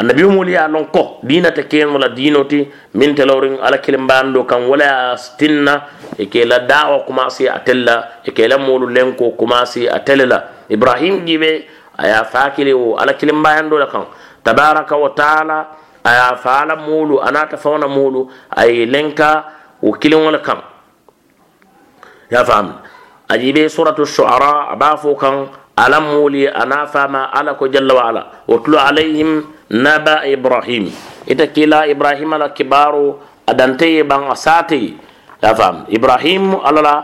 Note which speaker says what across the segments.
Speaker 1: annabi moolu ye lon ko diinate keen wala diino ti min telorin ala kilimbando kan wala ya tinna e ke la daawa commencé a tella e ke la moolu lenko commencé a tele la ibrahim jibe a ye faakili wo ala kilimbayando la kan tabaraka wa taala a ye faala moolu a naata fawna moolu a ye lenka wo kiliŋo le kan ya faamu a jibe suratu shuara a baa fo kan ala muli ana fama ala ko jalla wa ala watlu alayhim naba ibrahim ita kila ibrahima la kibaru adanteye ban a saatey ya fam ibrahim ala la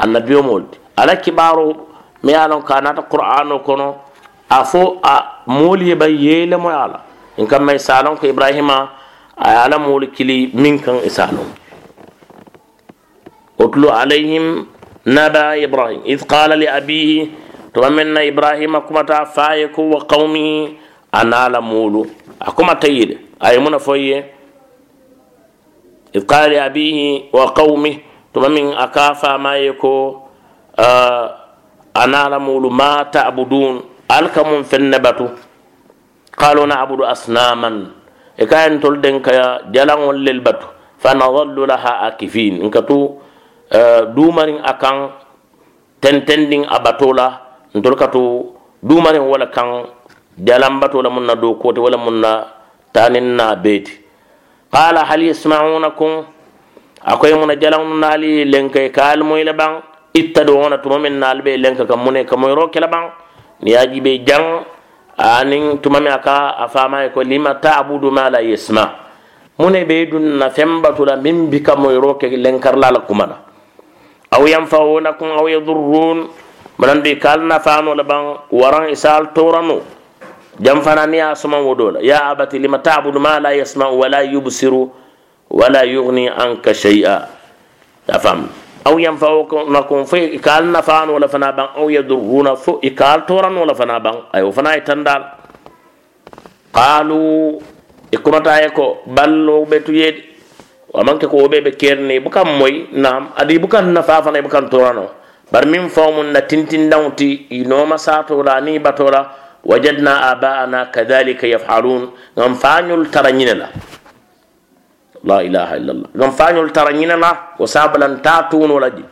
Speaker 1: annabiyo moldi ala kibaru mi ye kana ka nata qur'ano kono a fo a muli ye ban yeelemo ye in kam mai salon ko ibrahim ala muli kili min kan isalon utlu alayhim naba ibrahim id qala li abihi tuma meŋ na ibrahima kumata faye ko wa qaumi a la mulu a kumata yi a ye muna ye abihi wa qaumi tuma meŋ a fa maye ko uh, la mulu ma tabudun al ka mun qalu nabudu asnaman e ka yen den ka jalaŋol lel batu fa nadallu laha akifin nkatu uh, dumarin akan tentending a ntol katu to dumariŋ wo le kaŋ jalambato la munna na kote wala munna tanin na beti qala hal yasmaunakum akoy muna jalaŋnu naali ye lenkaye ka ali moyi le baŋ ittaduuna tuma min naali be lenke ka mune ka moyiro ke le baŋ ni ye jibe jaŋ tuma mi a ka ko lima ta'budu ma la yasma mune be dun na feŋ la min bi ka moyiro ke lenkarla la kuma la aw yanfaunakum aw yadhurrun banan du kal na faano la ban waran isal toranu jam fana ni ya suman wodo la ya abati lima ta'budu ma la yasma'u wa la yubsiru wa la yughni anka shay'a ta fam aw yanfa'unakum fa kal na faano la fana ban aw yadurruna fo ikal toranu la fana ban ayo fana itandal qalu ikumata ko ballo betu yedi wamanke ko wobe be kerni bukan moy nam adi bukan nafa fana bukan torano bari min fawmun na tintindaŋo ti i nooma saato la aniŋ bato la wajadna aba'ana kadhalika yafalun ŋan faañolu tara ñine la la ilaha illallah ŋan faañolu tara ñine la wo sabalantaa tuuno la je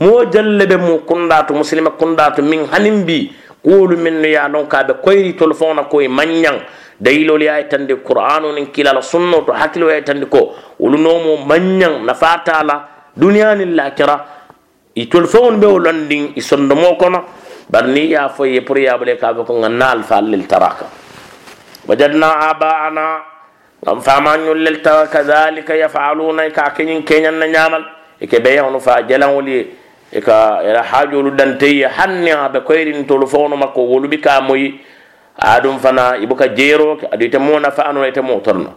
Speaker 1: moo jalle be mu kundaatu musilima kundaatu min hanin bi kuwolu minnu ye a loŋ ka a be koyiritolu faŋo na koyi maŋ ñaŋ dayilolu ye a yitandi qur'anu niŋ kilala sunno to hakkilo ye a yitandi ko wolu noomo maŋ ñaŋ nafaa taa la duniyaa niŋ lakira itol feŋolu be wo londiŋ i sondomo kono bari ni ye a fo ye pour ye bula i ka fo ko ŋa naal fa al lel tara e ka wajadna abaana ŋan faamañol lel tara kazalika yafaluna i ka keñiŋ keñaŋ na ñaamal i ke beyeŋolu fa jalaŋolu ye i ka ila haajoolu danteye hanni a be koyiriŋ tolu feŋolu ma ko wolu bi ka moyi aduŋ fana i e buka jeero ke aduŋ ite moo nafaano ite e moo torono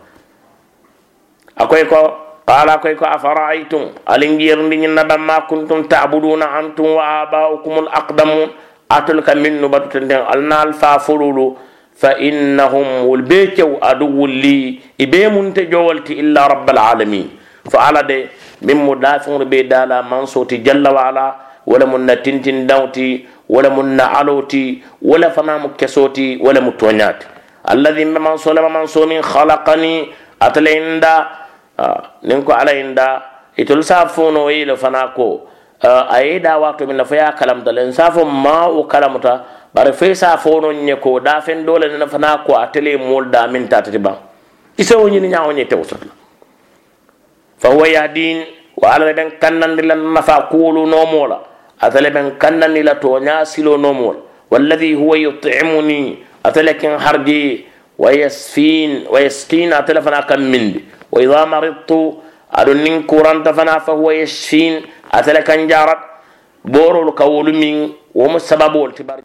Speaker 1: a koy ko qala koy ko afara'aytum alinjirndi ñinna damma kuntum ta'buduna antum wa aba'ukum al-aqdamun atul ka min nu batu tenden alnal fa fululu fa innahum wol be cew aduwul li i be munte jowalti illa rabbal alamin fo ala de min mu dafiŋolu be dala mansoti jalla wa ala wala mun na tintindaŋo ti wala mun na alo ti wala fana mu keso ti wala mu toña ti alladi be manso lema manso min halakani atala inda Ah, nin ko ala da itol safuno yilo fana ko ah, a da wato min nafa fa ya kalamta len safo ma o kalamta bari fe safono nye ko da fen dole na fana ko tele mol da min ta tiba isa woni ni nyaawo nye tewsat la fa huwa din wa ala den kannandi la nafa kulu no mola atale ben ni la to nya silo no mola kin harji wa yasfin wa ويسفين ويسقين fana kan mindi. وإذا مرضت أدن كوران كورانتا فهو يشفين أتلك أنجارك بورو الكول من ومسبب والتبار